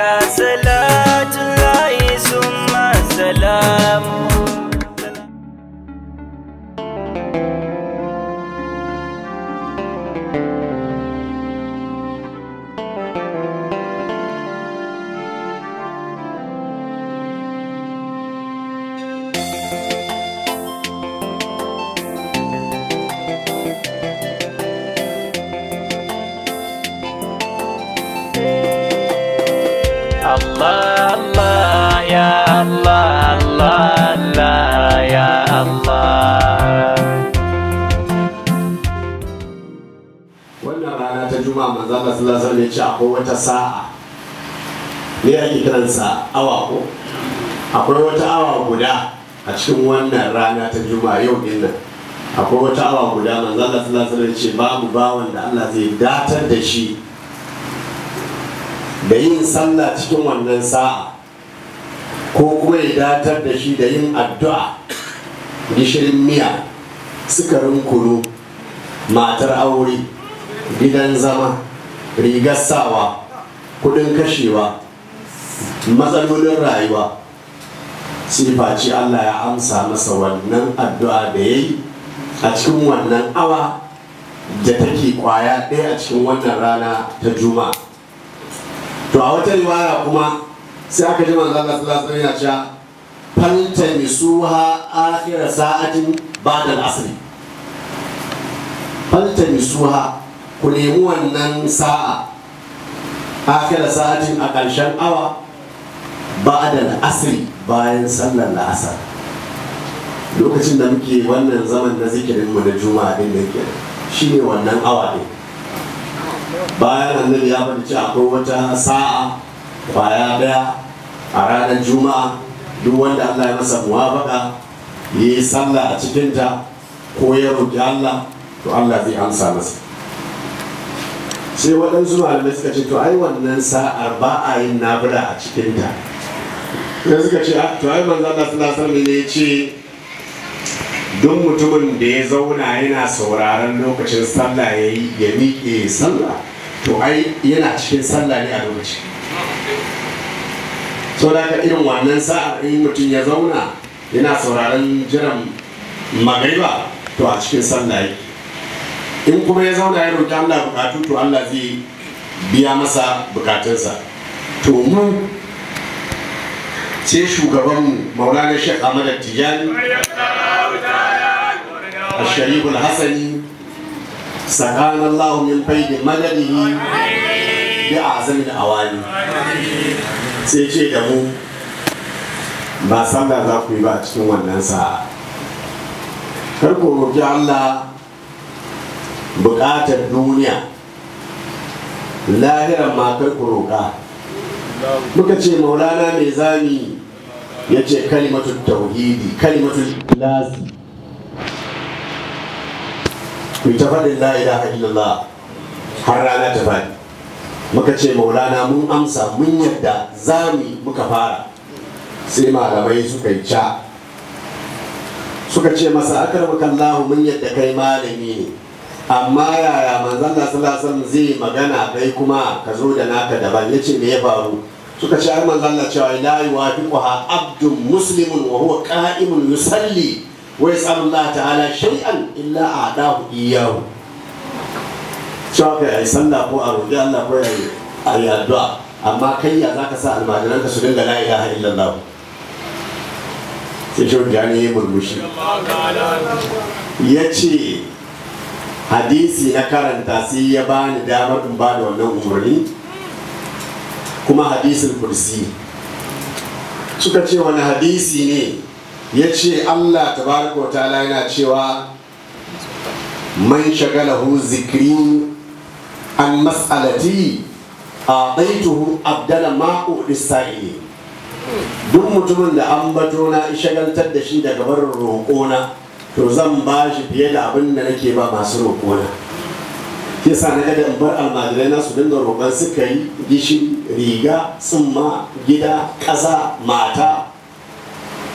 us love. ce akwai wata sa'a ne ake kiransa awa ko akwai wata awa guda a cikin wannan rana ta juma'a yau dinnan akwai wata awa guda manzo Allah sallallahu alaihi ce babu bawan da Allah zai datar da shi da yin sallah cikin wannan sa'a ko kuma ya datar da shi da yin addu'a gishirin miya sukarin kunu matar aure gidan zama rigar sawa kudin kashewa matsalolin rayuwa sifa ci Allah ya amsa masa wannan addu'a da ya yi a cikin wannan awa da take kwaya ɗaya a cikin wannan rana ta juma'a to a wata riwaya kuma sai aka ji manzo Allah sallallahu alaihi wasallam ya falta misuha akhir sa'atin ba'da al-asr falta misuha ku nemi wannan sa'a akira sa'atin a ƙarshen awa ba da asiri bayan sallar asar. lokacin da muke wannan zaman na zikirin mu da juma'a din da ke shine wannan awa ne bayan annabi ya bada ce akwai wata sa'a kwaya daya a ranar juma'a duk wanda Allah ya masa muwafaka ya yi sallah a cikinta ko ya roƙi Allah to Allah zai amsa masa sai waɗansu malamai suka ce to ai wannan sa'ar ba a yin nafila a cikinta sai suka ce to ai manzo Allah sallallahu alaihi ne ya ce duk mutumin da ya zauna yana sauraron lokacin sallah ya yi ya miƙe sallah to ai yana cikin sallah ne a lokaci so da irin wannan sa'ar in mutum ya zauna yana sauraron jiran magaiba to a cikin sallah yake in kuma ya zauna ya roƙi Allah bukatu to Allah zai biya masa bukatunsa to mu ce shugaban mu maulana shek ahmad tijani a shariful hasani sakanan Allah min faidi madadihi bi da awani sai ce da mu ba sanda za ku yi ba a cikin wannan sa'a kar ku roƙi Allah bukatar duniya lahiran makar kuroka muka ce maulana mai zami ya ce kalimatun tauhidi kalimatun lazi ku ta faɗin la'ida haɗin illallah har rana ta faɗi muka ce maulana mun amsa mun yadda zami muka fara sai malamai suka yi ca suka ce masa akar lahu mun yadda kai malami ne amma yaya manzon da sallallahu zai magana kai kuma ka zo da naka daban yace me ya faru suka ce har manzon Allah cewa la yuwafiquha abdun muslimun wa huwa qa'imun yusalli wa yas'alu Allah ta'ala shay'an illa a'dahu iyyahu cewa kai ai sallah ko a roƙi Allah ko a yi addu'a amma kai ya zaka sa almajiran ka su dinga la ilaha illallah sai shi ya murmushi ya ce hadisi na karanta sai ya bani damar in bada wannan umarni kuma hadisin kursi suka ce wani hadisi ne ya ce allah tabaraka wa ta'ala yana cewa man shagalahu zikri an mas'alati a ɗaituhu abdala ma'u isra'ili duk mutumin da an bato na shagaltar da shi daga barin roƙona to zan ba shi fiye da abin da nake ba masu roƙona ke sa na gada in bar almajirai na su dinga roƙon suka yi gishin riga tsumma gida ƙasa mata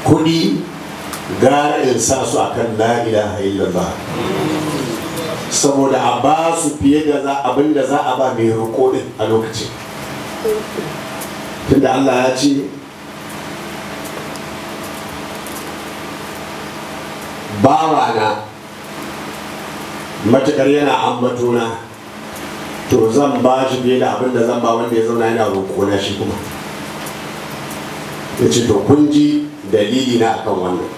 kuɗi gara in sa su akan la ilaha ba saboda a ba su fiye da abin da za a ba mai roƙo din a lokacin tunda Allah ya ce bawana matukar yana ambatuna to zan ba shi fiye da abinda zan ba wanda ya zauna yana na shi kuma ya ce to kun ji dalili na akan wannan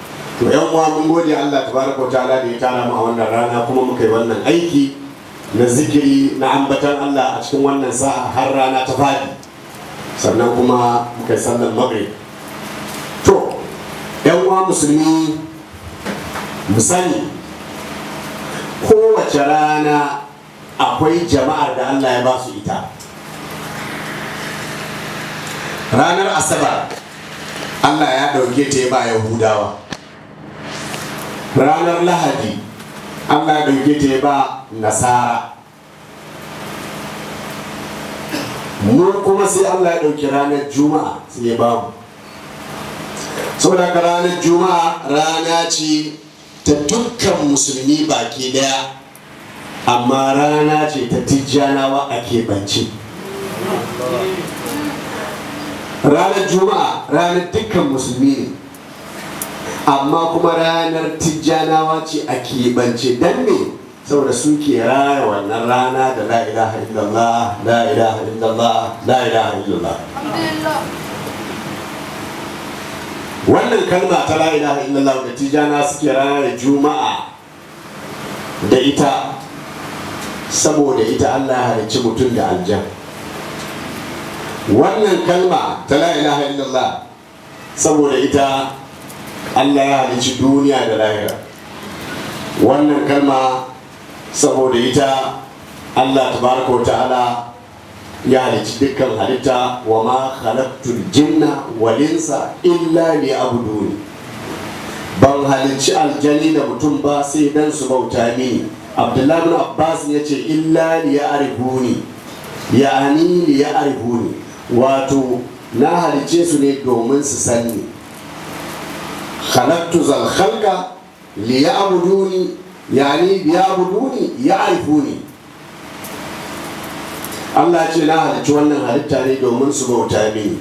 to yan uwa mun gode Allah tabaraka wa ta'ala da ya tara mu a wannan rana kuma muka yi wannan aiki na zikiri na ambatar Allah a cikin wannan sa'a har rana ta fadi sannan kuma muka yi sallar maghrib to yan uwa musulmi mu kowace rana akwai jama'ar da Allah ya ba su ita ranar asabar Allah ya ɗauke ta ya ba yahudawa ranar lahadi Allah ya ɗauke ta ya ba nasara mun kuma sai Allah ya ɗauki ranar juma'a sai ya ba mu saboda ranar juma'a rana ce ta dukkan musulmi baki daya amma rana ce ta tijjanawa a keɓance ranar juma'a ranar dukkan musulmi ne amma kuma ranar tijjanawa ce a keɓance don ne saboda suke ke raya wannan rana da da harin da illallah harin da illallah harin da la' wannan kalma ta la ilaha illallah da tijana suke ranar juma'a da ita saboda ita allah ya halicci mutum da aljan wannan kalma ta la ilaha illallah saboda ita allah ya halicci duniya da lahira wannan kalma saboda ita allah tabaraka wa ta'ala ya halicci dukkan halitta wa ma khalaqtul jinna walinsa illa abu duni. ban halicci aljani da mutum ba sai dan su bauta mini abdullahi bin abbas ya ce illa li ya'rifuni ya'ani li wato na halicce su ne domin su sanni khalaqtu zal khalqa li yaani yani ya ya'buduni Allah ya ce na halarci wannan halitta ne domin su bauta mini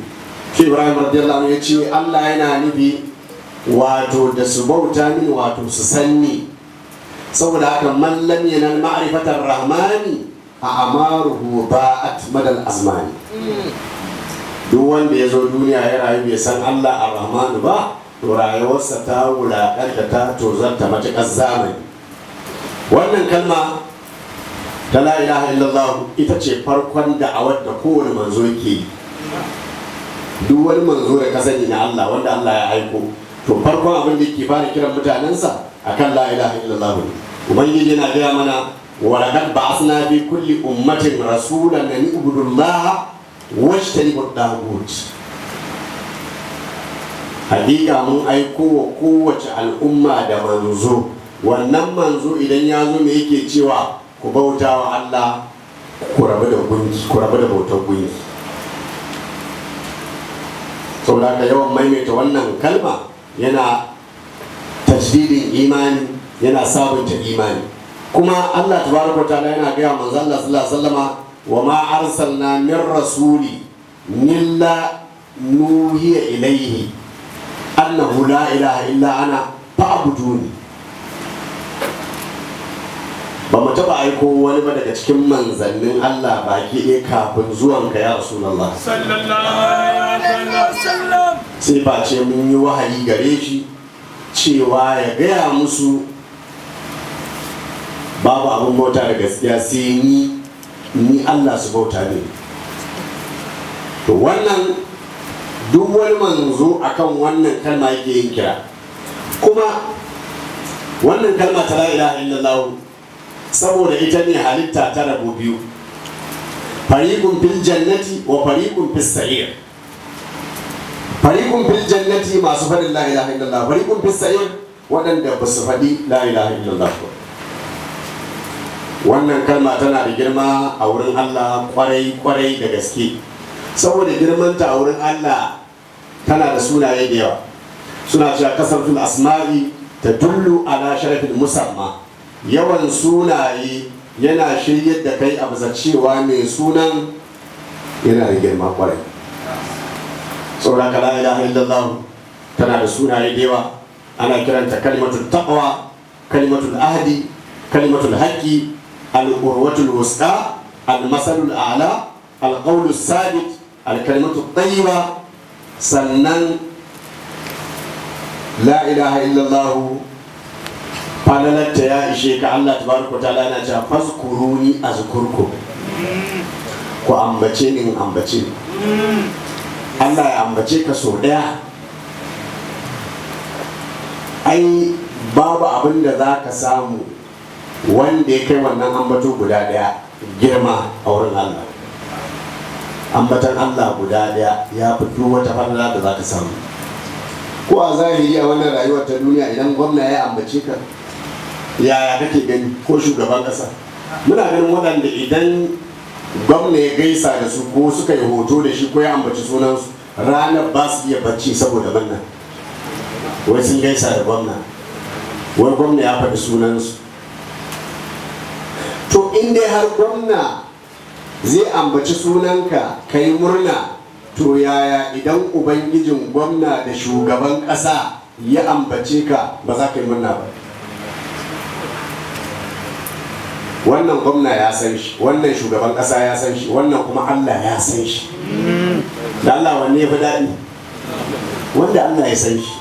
Ke Ibrahim radiyallahu ya ce Allah yana nufi wato da su bauta mini wato su san ni saboda haka man lam yanal ma'rifatar rahmani a amaruhu ba'at madal azmani duk wanda ya zo duniya ya rayu bai san Allah a rahmanu ba to rayuwarsa ta wulaƙanta ta tozarta matuƙar zamani wannan kalma ta la ilaha illallah ita ce farkon da'awar da kowane manzo yake duk wani manzo da ka sani na Allah wanda Allah ya aiko to farkon abin da yake fara kiran mutanensa akan la ilaha illallah ubangiji yana gaya mana wa laqad ba'athna fi kulli ummatin rasulan an ibudu Allah wa ijtanibu at mun aiko wa kowace al'umma da manzo wannan manzo idan ya zo me yake cewa ku bauta wa Allah ku rabu da gunki ku rabu da bautar gunki saboda ka yawan maimaita wannan kalma yana tashdidin imani yana sabunta imani kuma Allah tabaraka ta'ala yana gaya manzo Allah sallallahu alaihi wasallama wa ma arsalna min rasuli illa nuhiya ilaihi annahu la ilaha illa ana fa'buduni ba mu taba aiko wani ba daga cikin manzannin Allah baki ɗaya kafin zuwan ka ya Rasulullah sai ba ce mun yi wahayi gare shi cewa ya gaya musu babu abin bauta da gaskiya sai ni ni Allah su bauta ne to wannan duk wani manzo akan wannan kalma yake yin kira kuma wannan kalma ta la ilaha illallah saboda ita ne halitta ta rabu biyu farikun fil jannati wa farikun fil sa'ir farikun fil jannati masu fadin la ilaha illallah farikun fil sa'ir waɗanda ba su faɗi la ilaha illallah wannan kalma tana da girma a wurin Allah kwarai kwarai da gaske saboda girmanta a wurin Allah tana da sunaye da yawa suna cewa fil asma'i ta dullu ala sharafin musamman yawan sunaye yana shiryar da kai a bisa cewa mai sunan yana da girma kwarai tsoron ka la tana da sunaye da yawa ana kiranta kalimatul taqwa kalimatul ahadi, kalimatul haqqi al-urwatul wusta al-masalul a'la al sabit al-kalimatul tayyiba sannan la ilaha falalarta ya ishe ka Allah tabaraka ta lana cewa fazkuruni azkurku ku ambace ni in ambace Allah ya ambace ka so daya ai babu abin da za ka samu wanda ya kai wannan ambato guda daya girma a wurin Allah ambatan Allah guda daya ya fito wata falala da za ka samu ko a zahiri a wannan rayuwar ta duniya idan gwamna ya ambace ka yaya kake gani ko shugaban kasa muna ganin waɗanda idan gwamna ya gaisa da su ko suka yi hoto da shi ko ya ambaci sunansu ranar ba su iya bacci saboda wannan wai sun gaisa da gwamna wai gwamna ya faɗi sunansu to in dai har gwamna zai ambaci sunanka ka yi murna to yaya idan ubangijin gwamna da shugaban ƙasa ya ambace ka ba za ka yi murna ba wannan gwamna ya san shi wannan shugaban kasa ya san shi wannan kuma Allah ya san shi da Allah wanne ya fi daɗi wanda Allah ya san shi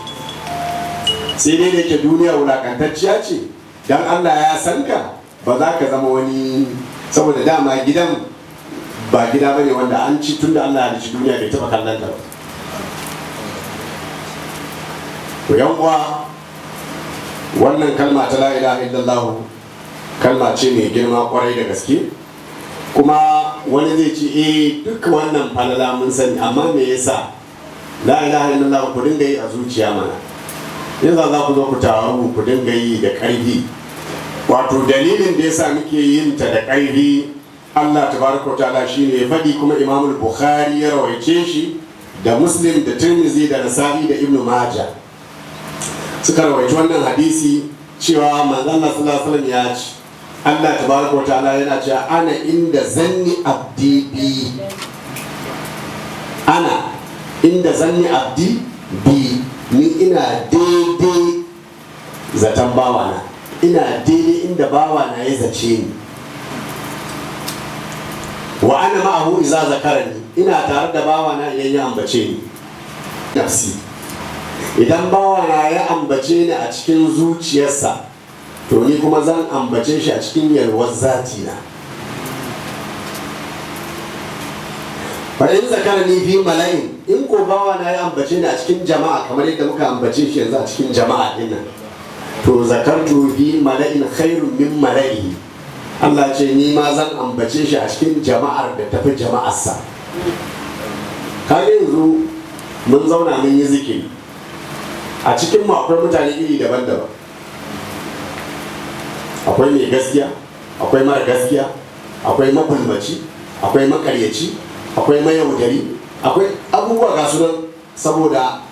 sai dai da ke duniya wulakantacciya ce dan Allah ya san ka ba za ka zama wani saboda dama gidan ba gida bane wanda an ci tunda Allah ya ci duniya bai taba kallon ta ba Ku yan uwa wannan kalma ta la ilaha illallah kalma ce mai girma kwarai da gaske kuma wani zai ci e eh, duk wannan falala mun sani amma me yasa la ilaha illallah ku dinga yi a zuciya mana yanzu za ku zo ku taru ku dinga yi da ƙarfi wato dalilin da yasa muke yin ta da ƙarfi Allah tabaraka ta'ala shine ya faɗi kuma Imam Bukhari ya rawaice shi da Muslim da Tirmidhi da Nasa'i da Ibn Majah suka rawaici wannan hadisi cewa manzon Allah sallallahu alaihi wasallam ya ce Allah Ta baraka wa ta'ala yana cewa ana inda zanni abdi bi ana inda zanni abdi bi ni ina daidai zaton bawana ina daidai inda bawana ya zace ni wa ana ma'ahu iza zakarani ina tare da bawana idan ya ambace ni nafsi idan bawana ya ambace ni a cikin zuciyarsa to ni kuma zan ambace shi a cikin yalwar zati na Faɗin Zakar ni fi mala'in in ko bawa na ya ambace ni a cikin jama'a kamar yadda muka ambace shi yanzu a cikin jama'a dinnan to Zakar to fi mala'in khairun min mala'i Allah ce ni ma zan ambace shi a cikin jama'ar da tafi jama'arsa kaga yanzu mun zauna mun yi zikiri a cikin makon mutane iri daban-daban akwai mai gaskiya akwai mara gaskiya akwai magulmaci akwai makaryaci akwai mayaudari akwai abubuwa ga su nan saboda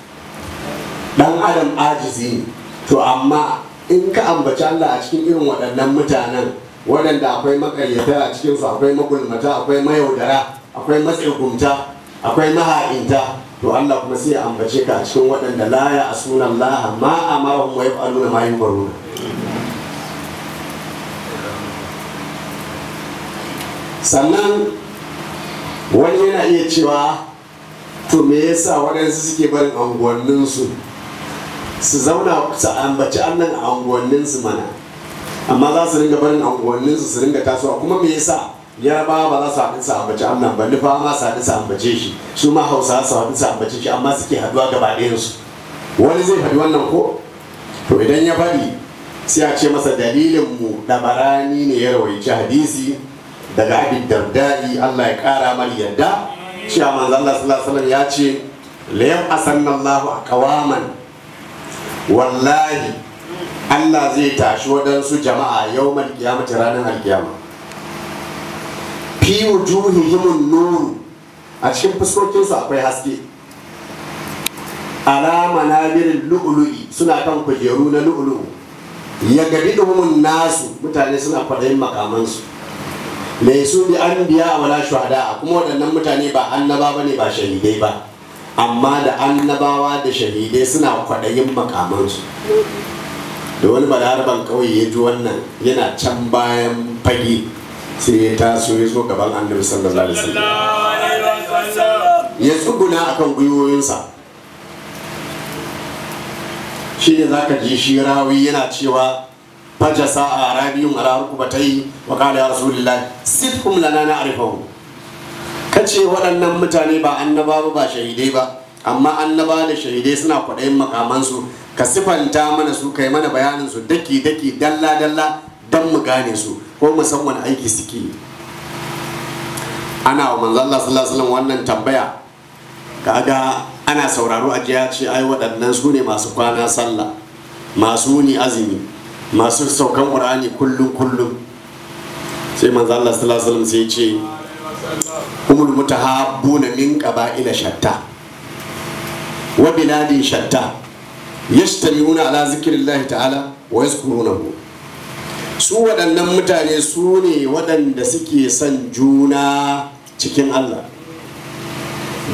dan adam ajizi ne to amma in ka ambaci Allah a cikin irin waɗannan mutanen waɗanda akwai makaryata a cikinsu akwai magulmata akwai mayaudara akwai matsirgumta akwai maha'inta to Allah kuma sai ya ambace ka a cikin waɗanda laya a sunan laha. ma amarahum wa yaf'aluna ma yumaruna sannan wani yana iya cewa to me yasa waɗansu suke barin anguwanninsu su zauna su ambaci annan a anguwanninsu mana amma za su ringa barin anguwanninsu su ringa tasowa kuma me yasa yarbawa ba za su haɗu su ambaci annan ba nufa ma su haɗu su ambace shi su ma hausa su haɗu su ambace shi amma suke haɗuwa gaba ɗayansu wani zai faɗi wannan ko to idan ya faɗi sai a ce masa dalilin mu ɗabarani ne ya rawaici hadisi daga abin dardari Allah ya kara mari yadda cewa manzo Allah sallallahu alaihi wasallam ya ce la a aqwaman wallahi Allah zai tashi wadansu jama'a yawmal qiyamati ranar alqiyama fi wujuhihim nur a cikin fuskokin su akwai haske alama namirin lu'lu'i suna kan kujeru na lu'lu'u ya gabi nasu mutane suna fadayin makamansu mai su bi an biya a wala shuhada kuma waɗannan mutane ba annaba ba ne ba shahidai ba amma da annabawa da shahidai suna kwaɗayin makamansu da wani balaraban ƙauye ya ji wannan yana can bayan fage sai ya taso ya zo gaban annabi sallallahu alaihi wasallam ya tsuguna akan gwiwoyinsa shi ne zaka ji shi rawi yana cewa فجسا أعرابي على ركبتيه وقال يا رسول الله سبهم لنا نعرفهم kace waɗannan mutane ba annaba ba ba shahidai ba amma annaba da shahidai suna kwaɗayin makamansu ka sifanta mana su kai mana bayanin su daki daki dalla dalla don mu gane su ko musamman aiki suke ana wa manzon sallallahu alaihi wannan tambaya kaga ana sauraro a jiya ce ai waɗannan su ne masu kwana sallah masu azumi masu saukan ƙur'ani kullum kullum sai manzo Allah sallallahu alaihi wasallam sai ce umul mutahabbuna min qaba'ila shatta wa biladin shatta yastami'una ala zikrillahi ta'ala wa yazkurunahu su waɗannan mutane su ne waɗanda suke son juna cikin Allah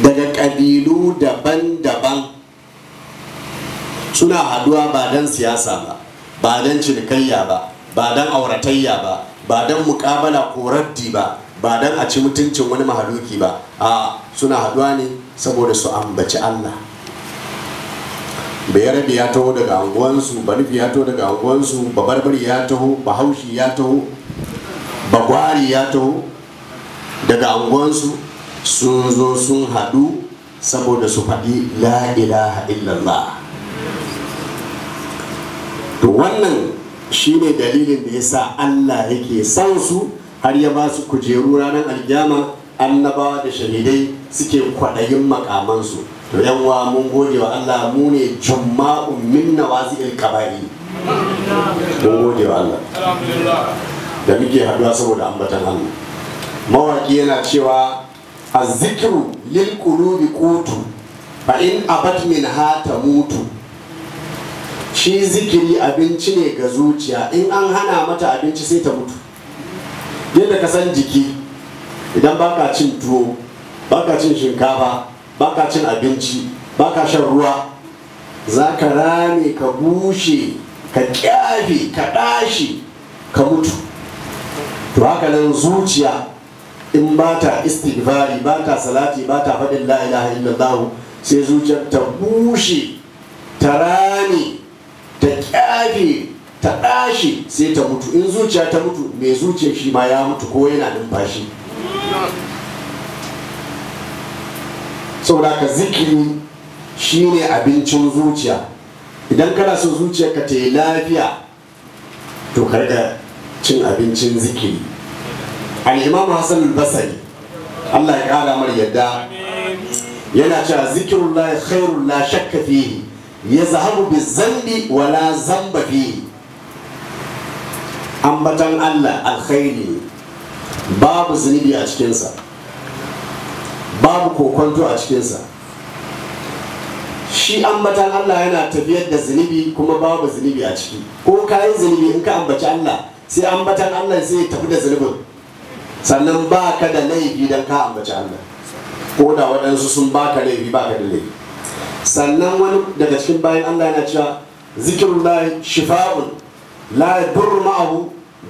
daga ƙabilu daban-daban suna haɗuwa ba don siyasa ba ba don cinikayya ba ba don auratayya ba ba don mukabala ko raddi ba ba don a ci mutuncin wani mahaluki ba a suna haduwa ne saboda su ambaci Allah bayarabe ya taho daga anguwansu nufi ya taho daga anguwansu barbari ya taho bahaushi ya taho bagwari ya taho daga anguwansu sun zo sun haɗu saboda su faɗi la ilaha illallah to wannan shi ne dalilin da ya sa Allah yake san su har ya ba su kujeru ranar aljama annabawa da shahidai suke kwaɗayin makamansu to yawa mun gode wa Allah mu ne jumma'un min nawazi'il kabari mun gode wa Allah da muke haɗuwa saboda ambatan Allah mawaƙi yana cewa azzikru lil qulubi qutu fa in abat min ha mutu shi zikiri abinci ne ga zuciya in an hana mata abinci sai ta mutu yadda ka san jiki idan baka cin tuwo baka cin shinkafa baka cin abinci baka shan ruwa za ka rame ka bushe ka kyafe ka ɗashi ka mutu to haka nan zuciya in ba ta istighfari ba ta salati ba ta faɗin la'ila ilaha sai zuciyar ta bushe ta rame tafi ta dashi sai ta mutu in zuciya ta mutu mai zuciya shi ma ya mutu ko yana numfashi saboda ka zikiri shi ne abincin zuciya idan kana so zuciya ka ta yi lafiya to karka cin abincin zikiri al'imam hassan basari allah ya kara mar yadda yana cewa zikirullahi khairun la shakka fihi ya zahabu bi zambi wala zamba fi ambatan Allah alkhairi babu zunubi a cikinsa babu kokonto a cikinsa shi ambatan Allah yana tafiyar da zunubi kuma babu zunubi a ciki ko kayan zunubi in ka ambaci Allah sai ambatan Allah sai tafi da zunubin sannan ba ka da laifi don ka ambaci Allah ko da waɗansu sun baka laifi baka da laifi sannan wani daga cikin bayan Allah yana cewa zikirun lahi shifa'un la yadurru ma'ahu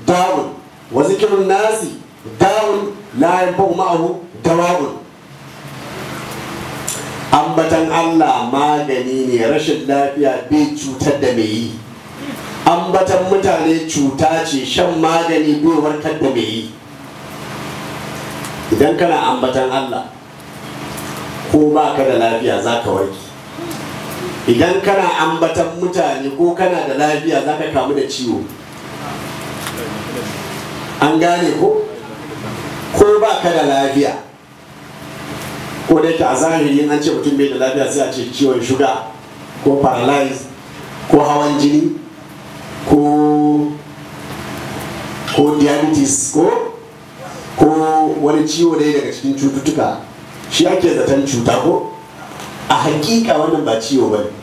da'un wa zikirun nasi da'un la yanfa'u ma'ahu dawa'un ambatan Allah magani ne rashin lafiya bai cutar da mai yi ambatan mutane cuta ce shan magani bai warkar da mai yi idan kana ambatan Allah ko ba ka da lafiya za ka warke idan kana ambatan mutane ko kana da lafiya za ka kamu da ciwo an gane ko ko ba ka da lafiya ko dai ta a zahiri an ce mutum bai da lafiya sai a ce ciwon shuga ko paralyze ko hawan jini ko ko diabetes ko ko wani ciwo dai daga cikin cututtuka shi ake zaton cuta ko a hakika wannan ba ciwo ba ne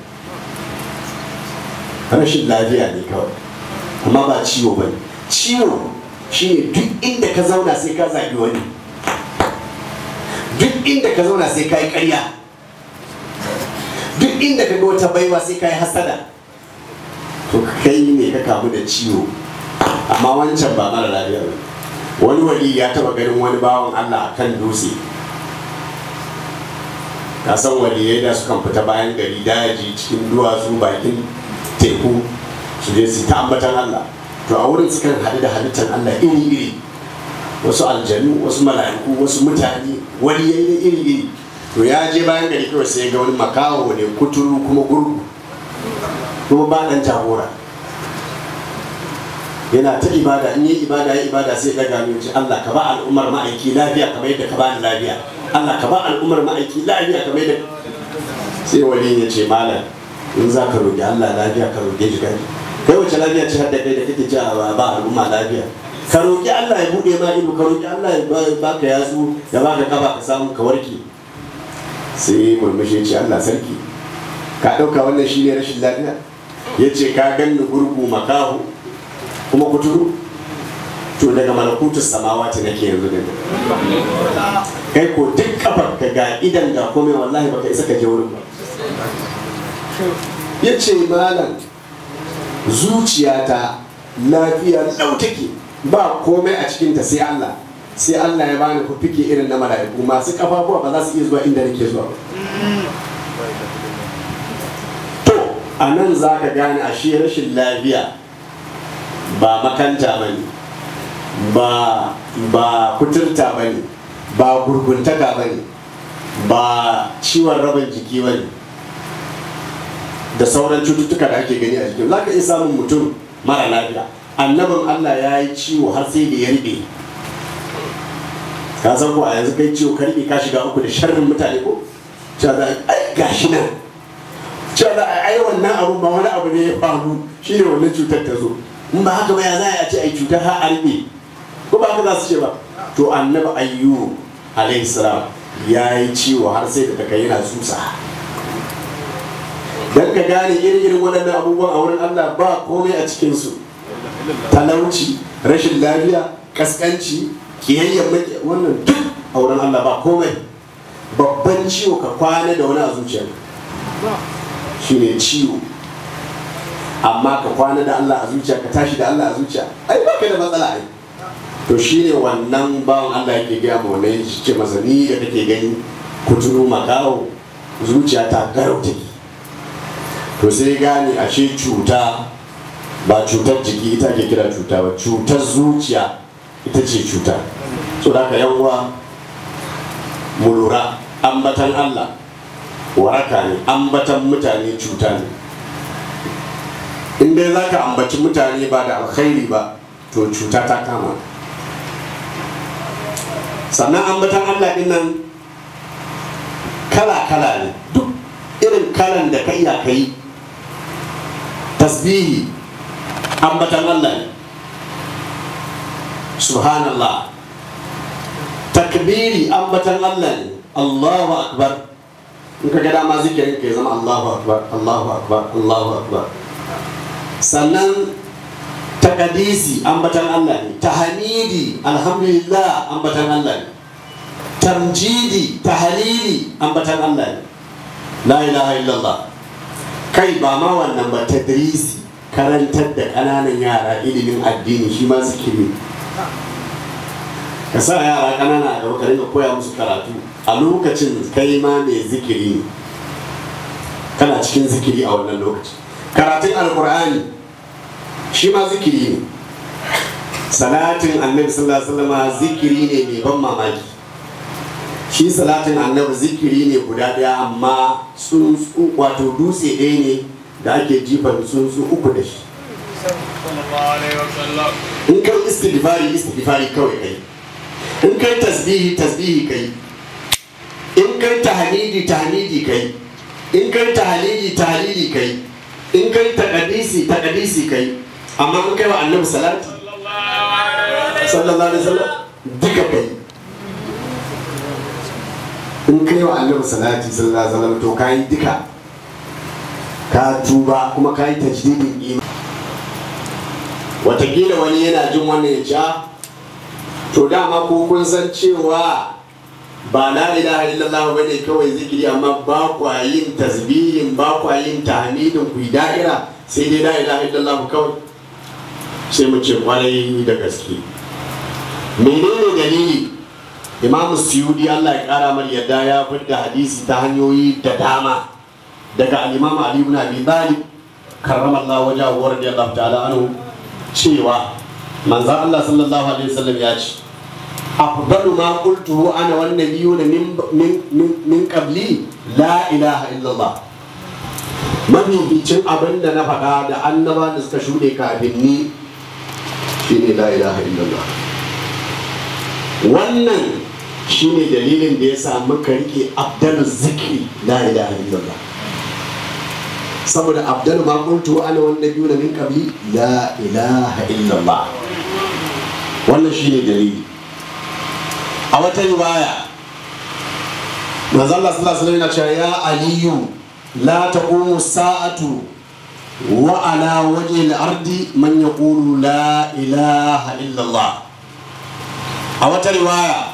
rashin lafiya ne kawai amma ba ciwo ba ne ciwo shine duk inda ka zauna sai ka zagi wani duk inda ka zauna sai ka yi ƙarya duk inda ka ga wata baiwa sai ka yi hasada to kai ne ka kamu da ciwo amma wancan ba mara lafiya ba wani wali ya taba ganin wani bawan Allah a kan dutse ka san waliyai da sukan fita bayan gari daji cikin duwatsu bakin teku su je su ta Allah to a wurin sukan haɗu da halittar Allah iri-iri wasu aljanu wasu mala'iku wasu mutane wani yayi iri-iri to ya je bayan gari kawai sai ga wani makawo ne kuturu kuma gurgu kuma ba ɗan jagora yana ta ibada in yi ibada ya ibada sai daga mai ce Allah ka ba al'ummar ma'aiki lafiya kamar yadda ka ba ni lafiya Allah ka ba al'ummar ma'aiki lafiya kamar yadda sai wali ya ce malam in za ka roƙi Allah lafiya ka roƙi shi kai kai wace lafiya ce hadda kai da kake ci a ba al'umma lafiya ka roƙi Allah ya buɗe ma ido ka roƙi Allah ya baka yatsu ya baka kafa ka samu ka warke sai murmushi ce Allah sarki ka ɗauka wannan shi ne rashin lafiya ya ce ka ganni gurgu makahu kuma kuturu to daga malakutus samawa ce nake yanzu da kai ko duk kafar ka ga idan ga komai wallahi baka isa ka je wurin ba ya ce malam zuciyata lafiya ɗau take ba komai a cikinta sai Allah sai Allah ya bani ku fike irin na mala'iku masu kafafuwa ba za su iya zuwa inda nake zuwa to a nan za ka gane shi rashin lafiya ba makanta ba ne ba ba kuturta ba ne ba gurguntaka ba ne ba ciwon rabin jiki ba ne da sauran cututtuka da ake gani a jikin za ka iya samun mutum mara lafiya annabin allah ya yi ciwo har sai da ya riɓe ka san ko a yanzu kai ciwo ka riɓe ka shiga uku da sharrin mutane ko cewa za a gashi nan cewa za a ai wannan abu ba wani abu ne ya faru shi ne wannan cutar ta zo in ba haka ba ya za a ce ai cutar har a riɓe ko ba haka za su ce ba to annabi ayyu alaihi salam ya yi ciwo har sai da ta kai yana tsutsa don ka gane irin waɗannan abubuwan a wurin Allah ba komai a cikinsu talauci rashin lafiya kaskanci kiyayyar wannan duk a wurin Allah ba komai babban ciwo ka kwana da wani a zuciyar shi ne ciwo amma ka kwana da Allah a zuciya ka tashi da Allah a zuciya ai ba ka da matsala ai to shi ne wannan bawan Allah yake gaya ma wannan shi ce masa ni da kake gani kuturu makawo zuciya ta garau take to sai gane ashe cuta ba cutar jiki ita ke kira cuta ba cutar zuciya ita ce cuta so da ka yanwa mu lura ambatan Allah waraka ne ambatan mutane cuta ne inda za ka ambaci mutane ba da alkhairi ba to cuta ta kama sannan ambatan Allah din nan kala-kala ne duk irin kalan da kai ya kai tasbihi ambatan Allah subhanallah takbiri ambatan Allah Allahu akbar in ka gada ma zikirin ke zama Allahu akbar Allahu akbar Allahu akbar sannan takadisi ambatan Allah ne tahamidi alhamdulillah ambatan Allah ne tamjidi tahalili ambatan Allah ne la ilaha illallah kai ba ma wannan ba tadrisi karantar da ƙananan yara ilimin addini shi ma zikiri ka sa yara ƙanana a gaba ka koya musu karatu a lokacin kai ma mai zikiri kana cikin zikiri a wannan lokaci karatun alkur'ani shi ma zikiri ne salatin annabi sallallahu alaihi wasallam zikiri ne mai ban mamaki shi salatin annabi zikiri ne guda daya amma tsuntsu wato dutse ɗaya ne da ake jifan tsuntsu uku da shi in kai istighfari istighfari kawai kai in kai tasbihi tasbihi kai in kai tahmidi tahmidi kai in kai tahlili tahlili kai in kai taqdisi taqdisi kai amma in kai wa annabi salati sallallahu alaihi wasallam duka kai in kai wa annabi salati sallallahu alaihi wasallam to kai duka ka tuba kuma kai tajdidin iman watakila wani yana jin wannan ya ja to dama ko kun san cewa ba la ilaha illallah ne kawai zikiri amma ba kwa yin tasbihin ba kwa yin tahmidin ku da'ira sai dai la ilaha illallah kawai sai mu ce kwarai da gaske menene dalili imam suyudi allah ya kara mar yadda ya da hadisi ta hanyoyi da dama daga al-imam ali ibn abi talib karramallahu wajahu wa radiyallahu ta'ala anhu cewa manzon allah sallallahu alaihi wasallam ya ce afdalu ma qultu ana wan nabiyyu min min min qabli la ilaha illallah mafificin abin da na faɗa da annaba da suka shuɗe kafin ni shine la ilaha illallah wannan shine dalilin da ya sa muka rike abdal zikri la ilaha illallah saboda abdal ma kuntu ala wanda biyu na min kabi la ilaha illallah wannan shine dalili a wata riwaya manzo Allah sallallahu alaihi wasallam yana ya aliyu la taqumu sa'atu wa ala wajhi al-ardi man yaqulu la ilaha illallah a wata riwaya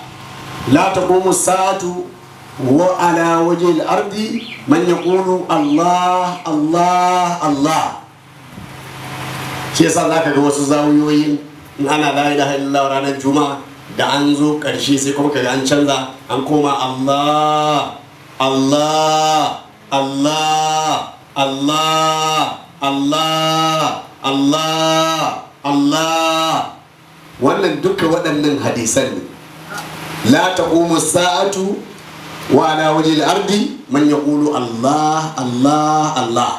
la taqumu sa'atu wa ala waje al'ardi ardi ya yaqulu Allah Allah Allah shi yasa ka ga wasu zawiyoyin in ana da ilaha illallah ranar juma'a da an zo ƙarshe sai kuma ka an canza an koma Allah Allah Allah Allah Allah Allah Allah wannan duka waɗannan hadisan ne la taqumu sa'atu wa ala wajhi al-ardi man Allah Allah Allah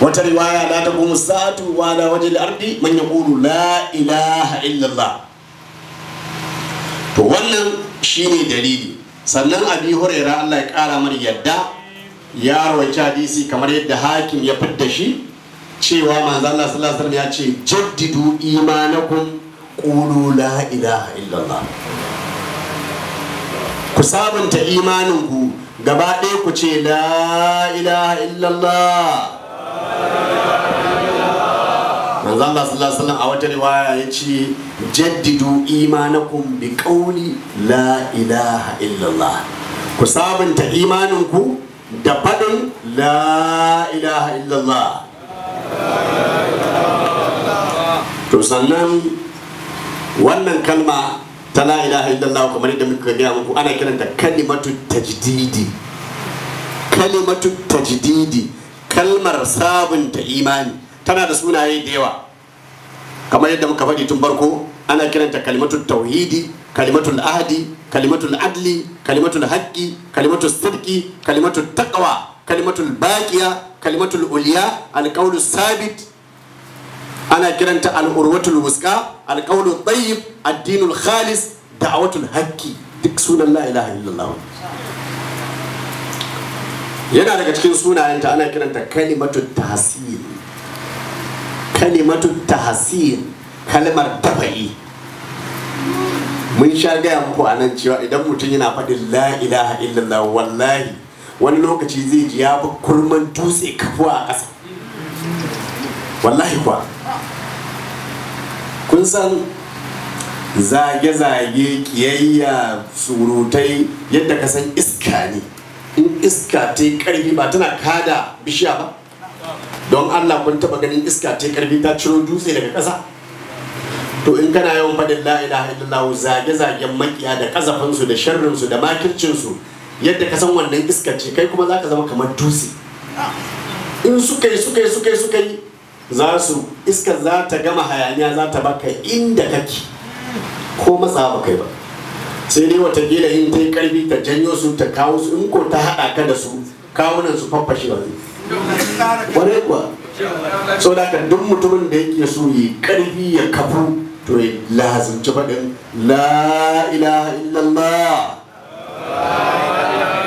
wata riwaya la taqumu sa'atu wa ala wajhi al-ardi man yaqulu la to wannan shine dalili sannan a bi huraira Allah ya kara mar yadda ya rawaita hadisi kamar yadda hakim ya fidda shi cewa manzo Allah sallallahu alaihi wasallam ya ce jaddidu imanakum qulu la ilaha illallah ku sabunta imaninku gaba ɗaya ku ce la ilaha illallah manzo Allah sallallahu alaihi wasallam a wata riwaya ya ce jaddidu imanakum bi qawli la ilaha illallah ku sabunta imaninku da faɗin la ilaha illallah to sannan wannan kalma ta la ilaha illallah kamar yadda muka gaya muku ana kiranta kalimatu tajdidi kalimatu tajdidi kalmar sabunta imani tana da sunaye da yawa kamar yadda muka faɗi tun farko ana kiranta kalimatu tauhidi kalimatu ahadi kalimatu adli kalimatu haqqi kalimatu sirki kalimatu taqwa kalimatu baqiya kalimatu uliya alqawlu sabit ana kiranta al'urwatul wuska alƙawlu tayyib addinul khalis da'awatul haqqi duk sunan la illallah yana daga cikin sunayenta ana kiranta kalimatu tahsin kalimatu tahsin kalmar tafa'i mun sha gaya muku a nan cewa idan mutum yana faɗin la'ilaha ilaha illallah wallahi wani lokaci zai ji ya fi kurman dutse kafuwa a ƙasa wallahi kuwa kun san zage-zage kiyayya surutai yadda ka san iska ne in iska ta yi karfi ba tana kada bishiya ba don allah kun taba ganin iska ta yi karfi ta ciro dutse daga ƙasa to in kana yawan faɗin la ilaha illallah zage-zagen makiya da kazafinsu da sharrinsu da makircinsu yadda ka san wannan iska ce kai kuma za ka zama kamar dutse in suka yi suka yi suka yi suka yi za su iska za ta gama hayaniya za ta baka inda kake ko matsa ba kai ba sai dai watakila yin ta yi karfi ta janyo su ta kawo su in ko ta haɗa ka da su kawunan su faffashe ba zai wani kuwa so da duk mutumin da yake so yi karfi ya kafu to ya lazimci faɗin la